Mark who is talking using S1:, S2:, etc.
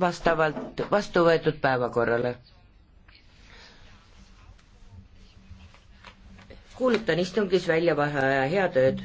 S1: vastavalt vastu võetud päevakorrale.
S2: kuulutan istungis välja vaheaja, head ööd!